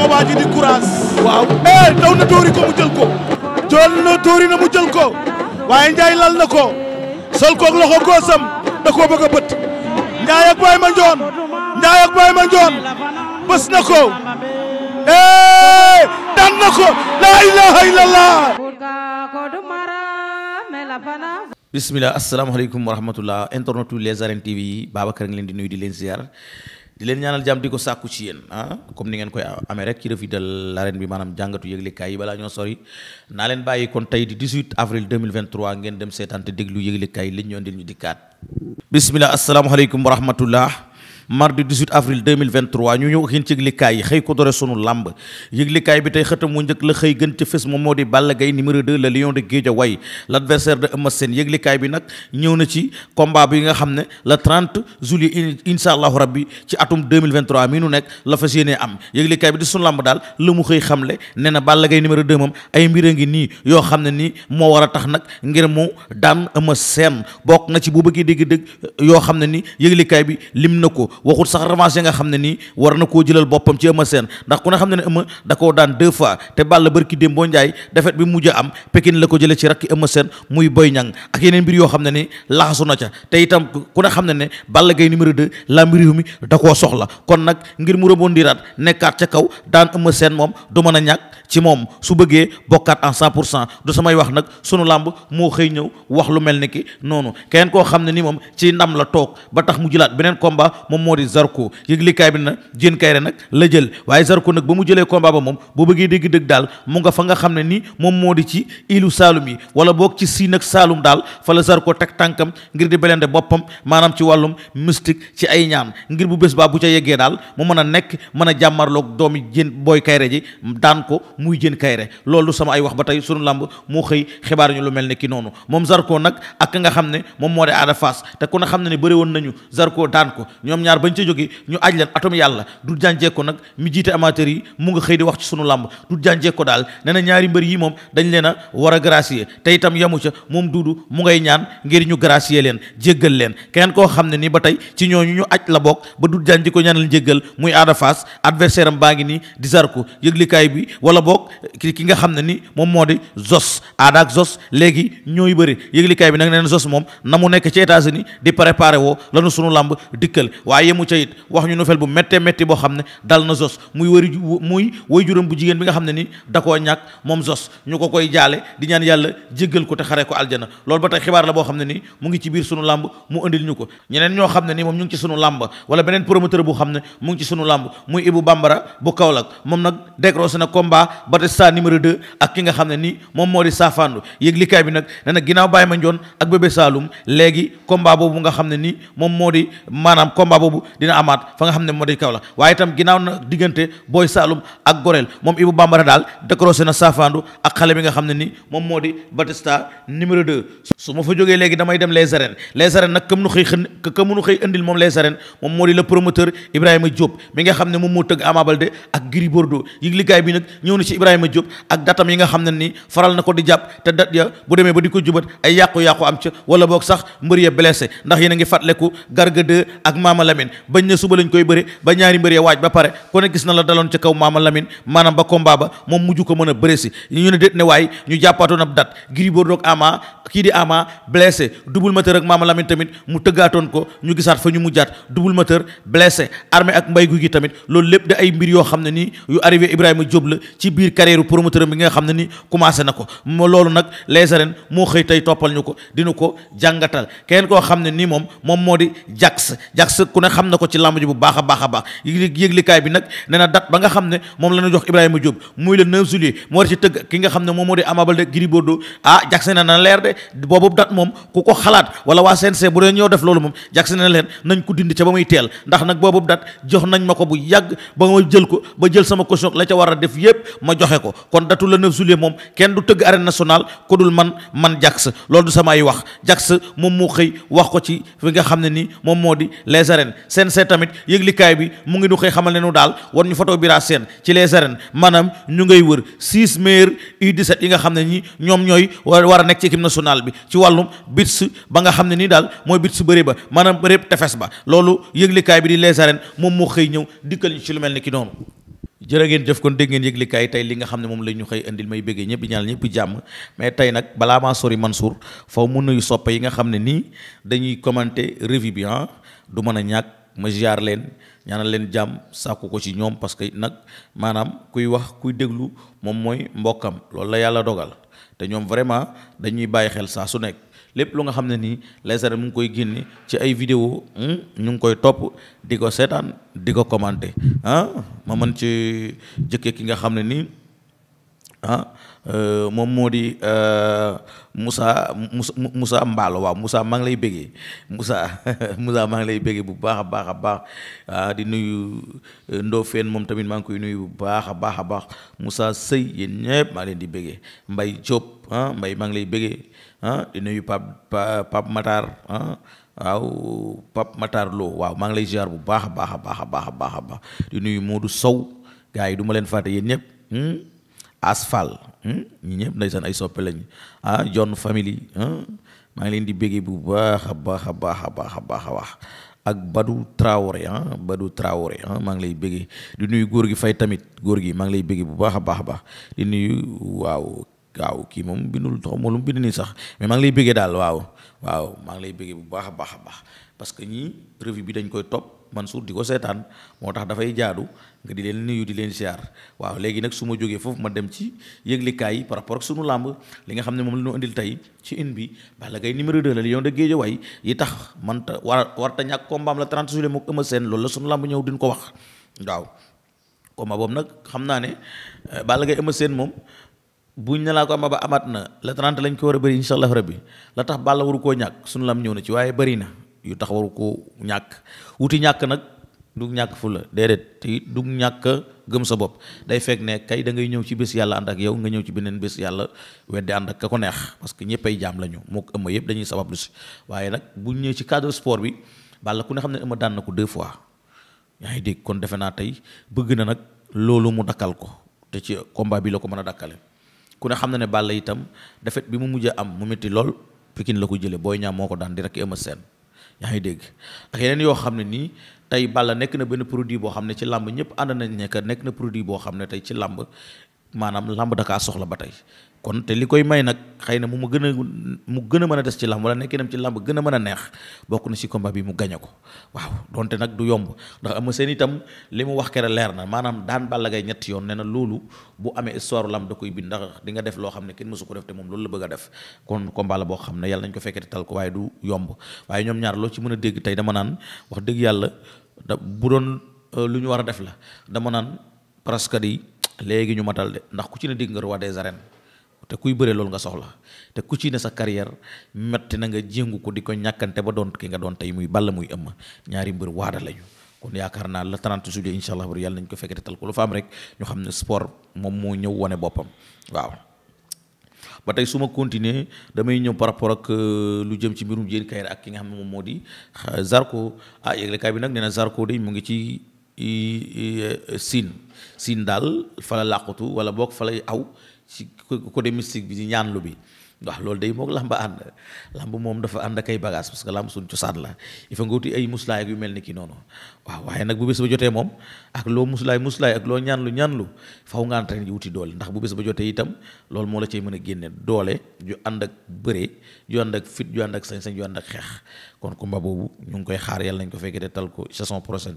sama waa ji di courage. waaw eh, daw na tóori ko mu jël ko. jël na tóori na mu jël ko. waaye Ndiaye lal na ko. sol koog loxo góosam da koo bëgg a bët. Ndiaye ak Baye Mandione. Ndiaye bës na ko. eh daan na ko. la ilaha illallah. wa rahmatulah internetu les arènes TV yi Babacar di leen ziar. di leen ñaanal jàmm di ko sàkku ci yéen ah comme ni ngeen koy amee rek ci revue de l'arène bi maanaam jàngatu yëglekaay yi balaa ñoo sori naa leen bàyyi kon tey di 18 avril 2023 ngeen dem seetaan te déglu yëglekaay yi li ñu ñoo indil ñu dikkaat. bisimilah asalaamaaleykum wa rahmatullah mardi 18 avril 2023 ñu ñëw ak yéen ci yëglikaay yi xëy ko dore sunu làmb yëglikaay bi tey xëtam mu njëkk la xëy gën ci fës moom moo di Balla Gaye numéro 2 le lion de Guédiawaye l'adversaire de Eumeu Sène yëglikaay bi nag ñëw na ci combat bi nga xam ne le 30 juillet insha allahu rabbi ci atum 2023 mii nu nekk la fas yéenee am yëglikaay bi di sunu làmb daal la mu xëy xamle nee na Balla Gaye numéro 2 moom ay mbir a ngi nii yoo xam ne nii moo war a tax nag ngir mu daan Eumeu Sène bokk na ci bu bëggee dégg-dégg yoo xam ne ni yëglikaay bi lim na ko waxut sax revanche yi nga xam ne nii war na koo jëlal boppam ci Eumeu Sène ndax ku ne xam ne ne Eumeu da koo daan deux fois te Balla bërki démboo Njaay defet bi mujj am Pekin la ko jële ci rakki Eumeu Sène muy Boy Niang ak yeneen mbir yoo xam ne ni laxasu na ca te itam ku ne xam ne ne Balla Gaye numéro 2 la mbir mi da koo soxla kon nag ngir mu rebondiraat nekkaat ca kaw daan Eumeu seen moom du mën a ñàkk ci moom su bëggee bokkaat en cent pour cent du samay wax nag sunu làmb moo xëy ñëw wax lu mel ni ki noonu keneen koo xam ne ni moom ci ndam la toog ba tax mu jëlaat beneen combat moo di Zarko yëglikaay bi na Diène Kairé nag la jël waaye Zarko nag ba mu jëlee combat ba moom boo bëggee dégg dëgg daal mu nga fa nga xam ne ni moom moo di ci ilu Saalum yi wala boog ci siin ak Saalum daal fa la Zarko teg tànkam ngir di belende boppam maanaam ci wàllum mystique ci ay ñaan ngir bu bés baa bu ca yeggee daal mu mën a nekk mën a jàmmarloog doomi Diène Boy Kairé ji daan ko muy jën Kairé loolu sama ay wax ba tey sunu làmb moo xëy xibaar ñu lu mel ne ki noonu moom Zarko nag ak nga xam ne moom moo di Ada Fass te ku ne xam ne ne bëri nañu Zarko daan ko ñoom ñaar bañ ca jógee ñu aj leen atom yàlla du jànjeeko nag mi jiite amateur yi mu nga xëy di wax ci sunu làmb du jànjeeko daal nee na ñaari mbër yi moom dañ leen a war a gracier te itam yamu ca moom duudu mu ngay ñaan ngir ñu gracier leen jéggal leen keneen koo xam ne nii ba tey ci ñooñu ñu la bokk ba du jànjeeko ñaanal jéggal muy Ada Fass adversaire am baa ngi nii di Zarko yëglikaay bi wala bokk ki nga xam ne ni moom moo di Zos Ada ak Zos léegi ñooy bëri yëglikaay bi nag neen Zos moom na mu nekk ci États-Unis di préparé lanu sunu làmb dikkal waa waaye yemu ca it wax ñu nofel bu méttee métti boo xam ne dal na Zos muy wari muy way juróom bu jigéen bi nga xam ne ni da koo ñàkk moom Zos ñu ko koy jaale di ñaan yàlla jéggal ko te xaree ko aljana loolu ba tey xibaar la boo xam ne ni mu ngi ci biir sunu làmb mu indil ñu bu xam moom nag décroché na combat Batista numéro 2 ak ki nga xam ne ni moom moo di saafaandu yéeg likaay bi nag nee na ginnaaw Baye Mandione ak Bébé Saloum léegi combat boobu boobu dina amaat fa nga xam ne moo di Kaolack waaye itam ginnaaw na diggante Boy moom bi moo di Batista numéro 2 su ma fa jógee léegi damay dem les arènes nag kam nu xëy indil moom les moom moo di le promoteur Ibrahima Diop mi nga xam ne moom moo tëgg Ama Baldé ak Gris Bordeaux yëglikaay bi nag ñëw na ci Ibrahima Diop ak datam yi nga xam ne ni faral na ko di jàpp te dat ya bu demee ba di ko jubat ay yàqu-yàqu am ca wala boog sax mbër ya blessé ndax yéen a ngi fàttaleku garga 2 ak Mama Lamine bañ ne suba lañ koy bëre ba ñaari mbër ya waaj ba pare ku ne gis na la daloon ca kaw Maama Lamine maanaam ba combat ba moom mujj ko mën a bëre si ñu ne ne waay ñu jàppaatoon ab date Gris Bordeaux ak kii di Ama blessé double moteur ak Mama Lamine tamit mu tëggaatoon ko ñu gisaat fa ñu mujjaat double moteur blessé armé ak mbay gu gi tamit loolu lépp di ay mbir yoo xam ne nii yu arrivé Ibrahima Diop la ci biir carrière promoteur bi nga xam ne ni commencé na ko loolu nag les arènes moo xëy tey toppal ñu ko dinu ko jàngatal kenn koo xam ne nii moom moom moo di Jax Jax ku ne xam na ko ci làmb bu baax a baax a baax yëglikaay bi nag nee na date ba nga xam ne moom la ñu jox Ibrahima job muy le 9 juillet mu war ci tëgg ki nga xam ne moom moo di Ama Baldé Gris Bordeaux ah Jax nee na na leer boobu date moom ku ko xalaat wala waa CNC bu dee ñoo def loolu moom Jackson ne leen nañ ko dindi ca ba muy teel ndax nag boobu date jox nañ ma ko bu yàgg ba ma jël ko ba jël sama caution la ca war a def yépp ma joxe ko kon datu le 9 juillet moom kenn du tëgg arène nationale ku dul man man Jackson loolu du sama ay wax Jackson moom moo xëy wax ko ci fi nga xam ne nii moom moo di les seen CNC tamit kaay bi mu ngi nu xëy xamal ne nu daal war ñu photo bira seen ci les arènes maanaam ñu ngay wër six meilleurs U17 yi nga xam ne ñi ñoom ñooy war a nekk national bi ci wàllum bits ba nga xam ne nii daal mooy bits bëri ba maanaam bëri tefes ba loolu yëglikaay bi di les arènes moom moo xëy ñëw dikkal ñu ci lu mel ni ki noonu. jërë ngeen jëf kon dégg ngeen yëglikaay tey li nga xam ne moom la ñu xëy indil may bëggee ñëpp di ñaanal ñëpp jàmm mais tey nag balaa maa sori Mansour faw mu nuyu soppe yi nga xam ne nii dañuy commenter revue bi ah du mën a ñàkk ma ziar leen ñaanal leen jàmm sàkku ko ci ñoom parce que nag maanaam kuy wax kuy déglu moom mooy mbokkam loolu la yàlla dogal. te ñoom vraiment dañuy bàyyi xel saa su nekk lépp lu nga xam ne nii Laye Sané mu ngi koy génne ci ay vidéo hmm, ñu ngi koy topp di ko seetaan di ko commenter ah ma mën ci jëkkee ki nga xam ne nii. Ah, euh, moom moo di euh, Moussa musa Mballo waaw Moussa maa ngi lay bëggee Moussa Moussa maa ngi lay bëggee bu baax a baax a baax ah, di nuyu euh, Ndofène moom tamit maa ngi koy nuyu bu baax a baax a baax Moussa Sëy yéen maa leen di bëggee Mbaye Diop ah Mbaye maa lay bëggee ah, di nuyu Pape Pape Matar ah waaw waaw maa ngi lay ziar bu baax a baax a baax a baax a baax di nuyu Modou Sow gars yi du ma leen fàtte yéen ñëpp. Hmm? asfal ñi ñëpp ndeysaan ay soppe lañ ah John family maa ngi leen di béggee bu baax a baax a baax a baax a baax a baax ak Badou Traoré ah Badou Traoré ah maa ngi lay béggee di nuyu góor gi fay tamit góor gi maa lay béggee bu baax a baax a baax di nuyu waaw waaw kii moom bindul xaw ma lu mu bind nii sax mais maa lay béggee daal waaw waaw maa ngi lay béggee bu baax a baax a baax parce que ñii revue bi dañ koy topp Mansour di ko seetaan moo tax dafay jaadu nga di leen nuyu di leen siyaar waaw léegi nag su ma jógee foofu ma dem ci yëglikaay yi par rapport ak làmb nga xam ne moom la ñu tey ci une bi Balla Gaye numéro 2 la Lion de Guédiawaye yi tax man ta war warta ñàkk combat am la 30 juillet mook Eumeu Sène loolu la sunu làmb ñëw duñ ko wax waaw combat boobu nag xam naa ne euh, Balla Gaye Eumeu Sène moom buñ ne laa ko ama ba amaat na la 30 lañ ko war a bëri incha allah bi la tax Balla waru koo ñàkk sunu làmb ñëw na ci waaye bëri na yu tax waru ko ñàkk wuti ñàkk nag du ñàkk fu la déedéet te du ñàkk gëm sa bopp day fekk ne kay da ngay ñëw ci bés yàlla ànd ak yow nga ñëw ci beneen bés yàlla weddi ànd ak ka ko neex parce que ñëpp ay jaam lañu ñu moo ko yëpp dañuy sabab lu si waaye nag bu ñëwee ci cadre sport bi Balla ku ne xam ne ëmma daan na ko deux fois yaa ngi dégg kon defe naa tey bëgg na nag loolu mu dakkal ko te ci combat bi la ko mën a dakkale ku ne xam na ne Balla itam defet bi mu mujj a am mu métti lool Pikine la ko jëlee booy Niang moo ko daan di rek Eumeu Sène yaa ngi dégg ak yeneen yoo xam ne nii tey Balla nekk na benn produit boo xam ne ci làmb ñëpp ànd nañ nekk nekk na produit boo xam ne tey ci làmb maanaam làmb da soxla ba tey kon te li koy may nag xëy na mu ma gën a mu gën a mën a des ci làmb wala nekkinam ci làmb gën a mën a neex bokk na ci combat bi mu gañe ko waaw donte nag du yomb ndax ama seen itam li mu wax kere leer na maanaam daan Balla Gaye ñetti yoon nee na loolu bu amee histoire làmb da koy bind ndax di nga def loo xam ne kenn mësu ko def te moom loolu la bëgg def kon combat la boo xam ne yàlla nañ ko fekkee te tal ko waaye du yomb waaye ñoom ñaar loo ci mën a dégg tey dama naan wax dëgg yàlla da bu doon euh, lu ñu war a def la dama naan presque di léegi ñu matal de ndax ku ci ne dégg nga roi des arènes te kuy bëree loolu nga soxla te ku ci ne sa carrière metti na nga jéngu ko di ko ñàkkante ba doon ki nga doon tey muy balla muy ëmma ñaari mbër waada lañu kon yaakaar naa la 30 juillet incha allah yàlla nañ ko fekk te tal ko lu fa am rek ñu xam ne sport moom moo ñëw wane boppam waaw. ba tey su ma continuer damay ñëw par rapport ak euh, lu jëm ci mbirum Diéne Kaïré ak ki nga xam ne moom moo di euh, Zarko ah yëglekaay bi nag nee na Zarko de mu ngi ci euh, Sine Sine daal fa la wala boog fa aw. ci côté mystique bi ñaan lu bi ndax loolu day moog làmb ànd làmb moom dafa ànd ak ay bagage parce que làmb suñ cosaan la il faut nga wuti ay muslaay ak yu mel ni ki noonu waaw waaye nag bu bés ba jotee moom ak loo muslaay muslaay ak loo ñaan ñaanlu ñaanlu faw nga entraîné ji wuti doole ndax bu bés ba jotee itam loolu moo la cay mën a génne doole ju ànd ak bëre ju ànd ak fit ju ànd ak sañ-sañ ju ànd ak xeex kon combat boobu ñu ngi koy xaar yàlla nañ ko fekkee tal ko saison prochaine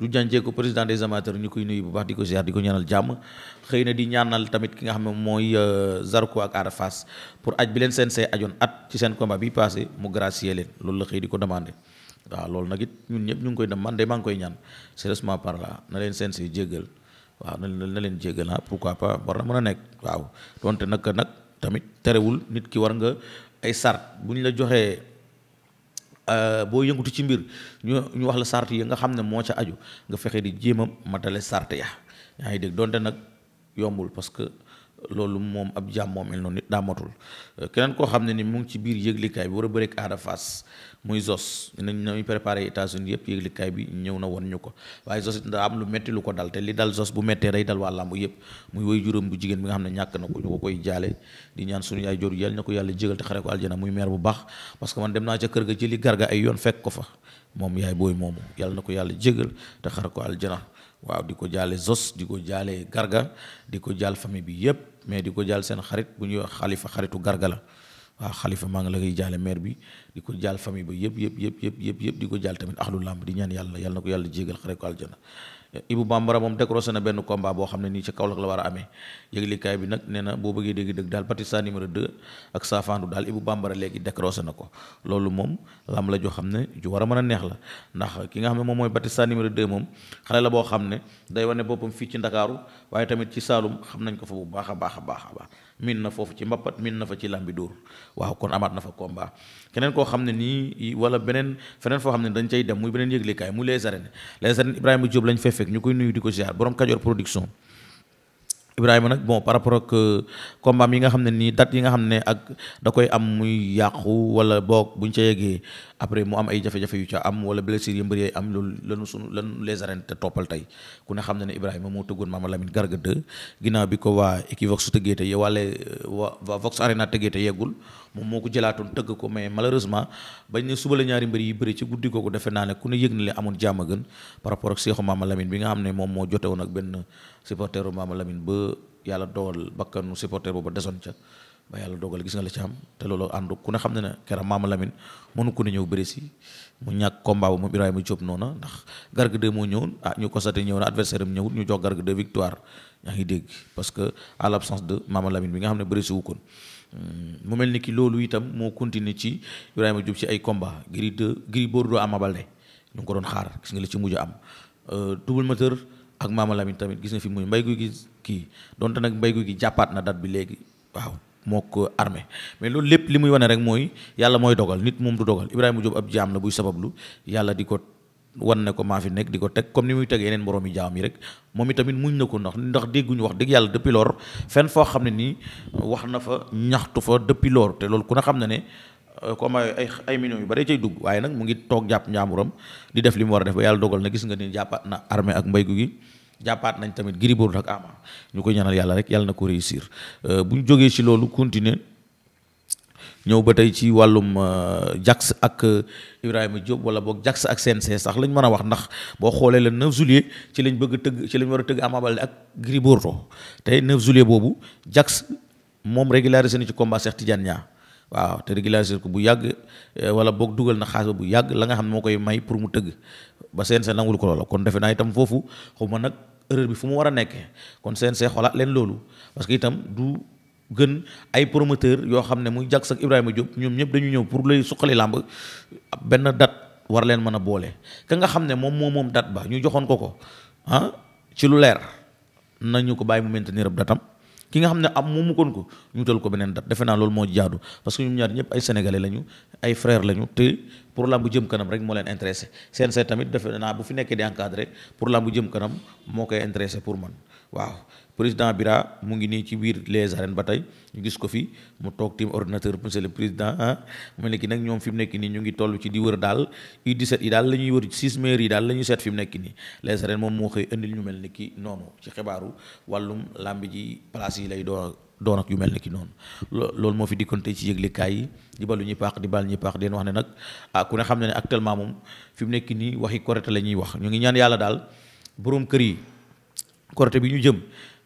du jànjee ko président des amateurs ñu koy nuyu bu baax di ko ziar di ko ñaanal jàmm xëy na di ñaanal tamit ki nga xam ne mooy euh, Zarko ak Ada Fass pour aj bi leen seen see ajoon at ci seen combat bi passé mu gracier leen loolu la xëy di ko demandé waaw loolu nag it ñun ñëpp ñu ngi koy demandé maa ngi koy ñaan sérieusement par là na leen seen see jéggal waaw na leen jéggal ah pourquoi pas war na mën a nekk waaw donte nag nag tamit terewul nit ki war nga ay sart bu ñu la joxee Euh, boo yëngutu ci mbir ñu ñu wax la sart yi nga xam ne moo ca aju nga fexe di jéem a matale sart ya yaa ngi dégg donte nag yombul parce loolu moom ab jàmm moom mel noonu nit daa matul euh, keneen koo xam ne ni mu ngi ci biir yëglikaay bi war a bëreek Ada Fass muy Zos na ne ñu préparé États-Unis yëpp yëglikaay bi ñëw na won ñu ko waaye Zos it daa am lu metti lu ko dal te li dal Zos bu mettee day dal waa làmb yëpp muy woy juróom bu jigéen bi nga xam ne ñàkk na ko ñu ko koy jaale di ñaan suñu yaay jooru yàlla na ko yàlla jégal te xare ko aljana muy meer bu baax parce que man dem naa ca kër ga jëli garga yoon fekk ko moom yaay booy moomu yàlla na ko yàlla jégal te xare ko aljana waaw di ko jaale zos di ko jaale garga di ko jaal famille bi yëpp mais di ko jaal seen xarit bu ñuy wax xalifa xaritu garga la waaw xalifa maa ngi la koy jaale maire bi di ko jaal famille ba yëpp yëpp yëpp yëpp yëpp di ko jaal tamit ahlu làmb di ñaan yàlla yàlla na ko yàlla jégal xare ko aljana Ibou Bambara moom décroché na benn combat boo xam ne nii ci Kaolack la war a amee yëglikaay bi nag nee na boo bëggee dégg dëgg daal Batista numéro 2 ak Saafandu daal Ibou Bambara léegi décroché na ko loolu moom lam la joo xam ne ju war a mën a la ndax ki nga xam ne moom mooy Batista numéro 2 moom xale la boo xam ne day wane boppam fii ci Ndakaaru waaye tamit ci Saalum xam nañ ko fa bu baax a baax a baax a baax min na foofu ci mbappat min na fa ci lambi dóor waaw kon amaat na fa combat keneen koo xam ne nii wala beneen feneen foo xam ne dañ cay dem muy beneen yëglikaay muy les arènes les Ibrahima Diop lañ fee fekk ñu koy nuyu di ko ziar borom Kajoor production Ibrahima nag bon par rapport ak euh, combat yi nga xam ne nii date yi nga xam ne ak da koy am muy yàqu wala boog buñ ca yeggee après mu am ay jafe-jafe yu ca am wala blessure yi mbër am loolu lanu sunu lanu les te toppal tey ku ne xam na ne Ibrahima moo tëggoon a Lamine Garga 2 ginnaaw bi ko waa Equivox su tëggee te ye wala waa Vox Arena tëggee te yeggul moom moo ko jëlaatoon tëgg ko mais malheureusement bañ ne suba la ñaari mbër yi bëri ci guddi kooku defe naa ne ku ne yëg na le amoon jàmm a gën par rapport ak Seexu Mama Lamine bi nga xam ne moom moo jote woon ak benn supporteru Mama Lamine ba yàlla dogal bakkanu supporter booba desoon ca ba yàlla dogal gis nga la ci am te loolu ànd ku ne xam ne ne keroog maama Lamine mënu ko ne bëri si mu ñàkk combat bu moom Ibrahima noona ah ndax Garga 2 moo ñëwoon ah ñu constaté ñëw na adversaire am ñëwul ñu jox Garga 2 victoire ngi dégg parce que à l' absence de maama bi nga xam ne bëri wu kon hmm, mu mel ni ki loolu itam moo continuer ci Ibrahima Diop ci ay combat Gris 2 Gris Bordeaux Ama Baldé ñu ngi ko doon xaar gis nga la ci mujj am euh, double moteur ak maama Lamine tamit gis nga fi muy mbay gu gi kii donte nag mbay gu gi jàppaat na date bi léegi waaw moo ko armée mais loolu lépp li muy wane rek mooy yàlla mooy dogal nit moom du dogal Ibrahima Diop ab jaam la buy sabablu yàlla di ko wan ne ko maa fi nekk di ko teg comme ni muy teg yeneen moroom yi jaam rek moom itamit muñ ko ndax ndax dégguñu wax dëgg yàlla depuis lors foo xam ne nii wax na fa ñaxtu fa depuis lors te loolu ku ne xam ne ne euh, comme ay ay millions yu bare cay dugg waaye nag mu ngi toog jàpp njaamuram di def li mu war a def ba yàlla dogal na gis nga ni jàppaat na ak mbay gu gi jàppaat nañ tamit Gris Bordeaux ak amaa ñu ko ñaanal yàlla rek yàlla na ko réussir euh, bu ñu jógee ci loolu continuer ñëw ba tey ci wàllum euh, Jax ak euh, Ibrahima Diop wala boog Jax ak CNC sax lañ mën a wax ndax boo xoolee le 9 juillet ci lañ bëgg tëgg ci lañ war a tëgg Ama Baldé ak Gris Bordeaux tey 9 juillet boobu Jax moom régularisé seen ci combat Cheikh Tidiane Niang waaw te régulariser ko bu yàgg eh, wala boog dugal na xaalis bu yàgg la nga xam ne moo koy may pour mu tëgg ba CNC nangul ko loola kon defe naa itam foofu xaw ma nag erreur bi fu mu war a nekkee kon CNC xoolaat leen loolu parce que itam du gën ay promoteur yoo xam ne muy Jax ak Ibrahima jóg ñoom ñëpp dañu ñëw pour lay suqali làmb benn dat war leen mën a boole ka nga xam ne moom moo moom date ba ñu joxoon ko ko ah ci lu leer nañu ko bàyyi mu maintenir ab datam ki nga xam ne am moomu kon ko ñu tal ko beneen date defe naa loolu moo jaadu parce que ñoom ñaar ñëpp ay sénégalais lañu ay frères lañu te pour lamb bu jëm kanam rek moo leen intéressé seen say tamit defe naa bu fi nekkee di encadré pour lamb bu jëm kanam moo koy intéressé pour man waaw président Bira mu ngi nii ci biir les ba tey ñu gis ko fi mu toog tiim ordinateur monsieur le président ah mu nekk nag ñoom fi mu nekk nii ñu ci U17 yi daal la ñuy wër six maires yi daal la ñuy seet fi mu nekk nii les arènes moom moo xëy indil ñu xibaaru wàllum làmb ji yi lay doon doon ak yu mel ni ki noonu loolu moo fi dikkoon tey ci yëglekaay yi di balu ñuy paax di bal ñuy den wax ne nag ah ku ne xam ne ne actuellement moom fi mu nekk nii waxi korité la ñuy wax ñu ngi ñaan yàlla daal boroom kër yi korité bi ñu jëm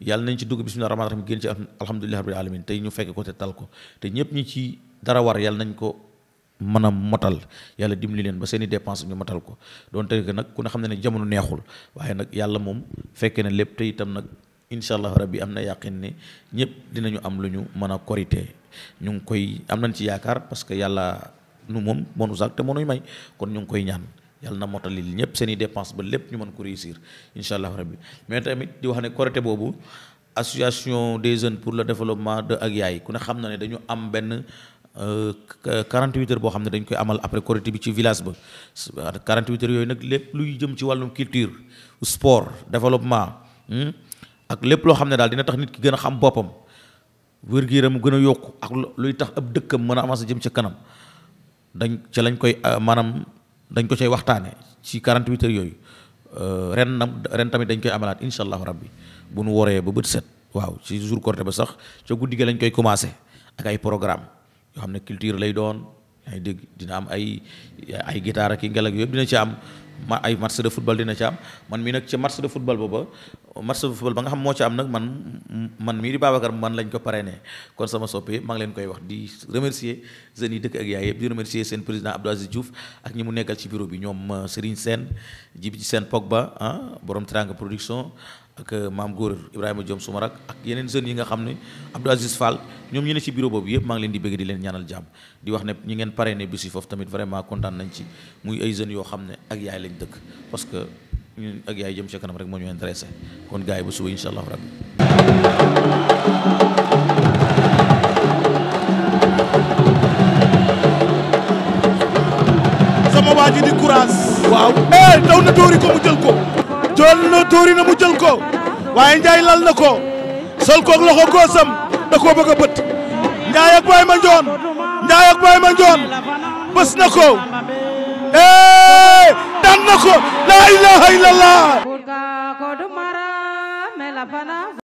yàlla nañ ci dugg bismillah rahmaan rahim génn ci alhamdulilah rabbil alamin tey ñu fekk ko te tal ko te ñëpp ñi ci dara war yàlla nañ ko mën a motal yàlla dimbali leen ba seeni i dépense ñu motal ko doon tey nag ku ne xam ne ne jamono neexul waaye nag yàlla moom fekkee na lépp tey itam nag incha allah rabbi am na yàqin ne ñëpp dinañu am lu ñu mën a korité ñu ngi koy am nañ ci yaakaar parce que yàlla nu moom moonu sax te moonuy may kon ñu ngi koy ñaan yàlla na motali ñëpp seen i dépense ba lépp ñu mën ko réussir incha allah rabbi mais tamit di wax ne Korité boobu association des jeunes pour le développement de ak yaay ku ne xam na ne dañu am benn 48 euh, heures boo xam ne dañ koy amal après Korité bi ci village ba 48 heures yooyu nag lépp luy jëm ci wàllum culture sport développement hmm, ak lépp loo xam ne daal dina tax nit ki gën a xam boppam wér-gu-yaram gën a yokku ak luy tax ab dëkkam mën a avancer jëm ca kanam dañ ko cay waxtaane ci 48 heures yooyu euh, ren nam ren tamit dañ koy amalaat incha allahu rabbi bu nu woree ba bët set waaw si jour Korité ba sax ca guddi ga lañ koy commencé ak ay programme yoo xam ne culture lay doon yaa dégg dina am ay ay guitare ak ngelag ngelak yëpp dina ci am ma ay match de football dina ci am man mi nag ci match de football booba match de football ba nga xam moo ci am nag man man mii di Babacar man lañ ko paree parrainé kon sama soppe maa ngi leen koy wax di remercier jeunes yi dëkk ak yaay yëpp di remercier seen président Abdou Aziz Diouf ak ñi mu nekkal ci bureau bi ñoom euh, Serigne Sène Djibi Sène Pogba ah borom Teranga production ak euh, maam góor Ibrahima Diom suma rak ak yeneen jeunes yi nga xam ne Abdou Aziz Fall ñoom ñu ne ci bureau boobu yëpp maa ngi leen di bëgg di leen ñaanal jàmm di wax ne ñi ngeen parrainé bis yi foofu tamit vraiment kontaan nañ ci muy ay jeunes yoo xam ne ak yaay lañ dëkk parce que ñun ak yaay jëm ca kanam rek moo ñu intéressé kon gars yi ba suba incha allahu rabbi jël na tuuri na mu jël ko waaye Ndiaye lal ko sol koog loxo góosam da koo bëgg a bët Ndiaye ak Baye Mandione Ndiaye ak Baye Mandione bës na ko eh daan ko la ilaha illallah